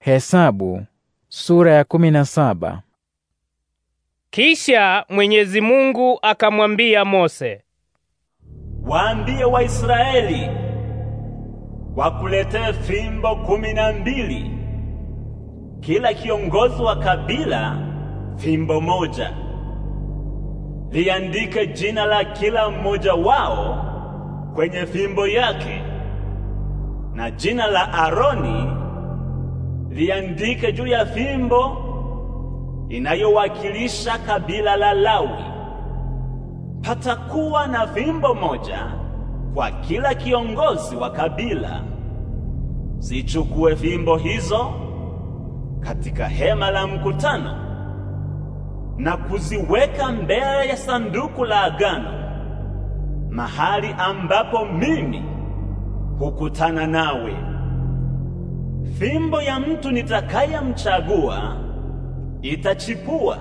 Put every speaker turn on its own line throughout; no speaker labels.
Hesabu sura ya kumi na saba. Kisha Mwenyezi Mungu akamwambia Mose,
waambie Waisraeli wakuletee fimbo kumi na mbili, kila kiongozi wa kabila fimbo moja. Liandike jina la kila mmoja wao kwenye fimbo yake na jina la Aroni liandike juu ya fimbo inayowakilisha kabila la Lawi. Patakuwa na fimbo moja kwa kila kiongozi wa kabila. Zichukue fimbo hizo katika hema la mkutano na kuziweka mbele ya sanduku la agano, mahali ambapo mimi hukutana nawe. Fimbo ya mtu nitakayemchagua itachipua.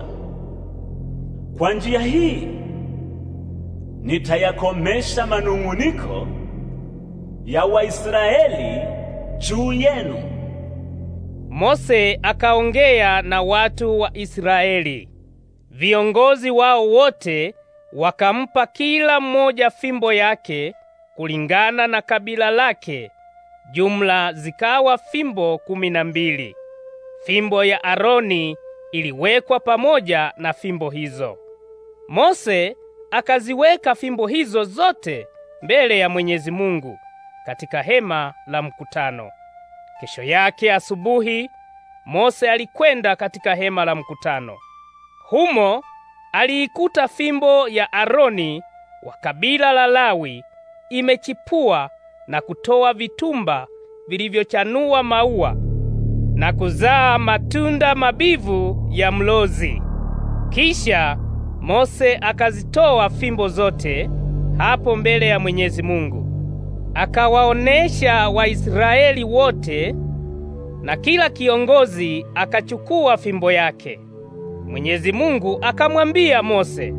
Kwa njia hii nitayakomesha manung'uniko ya Waisraeli juu yenu.
Mose akaongea na watu wa Israeli. Viongozi wao wote wakampa kila mmoja fimbo yake kulingana na kabila lake Jumla zikawa fimbo kumi na mbili. Fimbo ya Aroni iliwekwa pamoja na fimbo hizo. Mose akaziweka fimbo hizo zote mbele ya Mwenyezi Mungu katika hema la mkutano. Kesho yake asubuhi Mose alikwenda katika hema la mkutano. Humo aliikuta fimbo ya Aroni wa kabila la Lawi imechipua na kutoa vitumba vilivyochanua maua na kuzaa matunda mabivu ya mlozi. Kisha Mose akazitoa fimbo zote hapo mbele ya Mwenyezi Mungu, akawaonesha Waisraeli wote, na kila kiongozi akachukua fimbo yake. Mwenyezi Mungu
akamwambia Mose,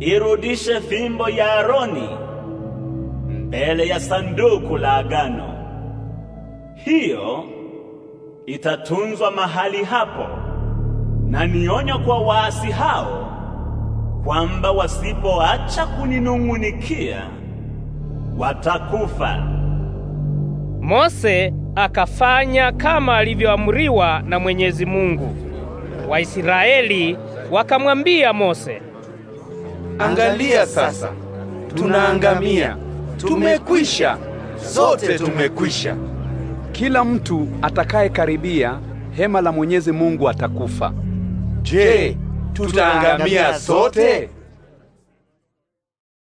irudishe fimbo ya Aroni mbele ya sanduku la agano. Hiyo itatunzwa mahali hapo, na nionyo kwa waasi hao kwamba wasipoacha kuninung'unikia watakufa. Mose akafanya kama
alivyoamriwa na Mwenyezi Mungu. Waisraeli wakamwambia Mose, angalia sasa tunaangamia tumekwisha,
zote tumekwisha. Kila mtu atakayekaribia hema la Mwenyezi Mungu atakufa. Je, tutaangamia sote?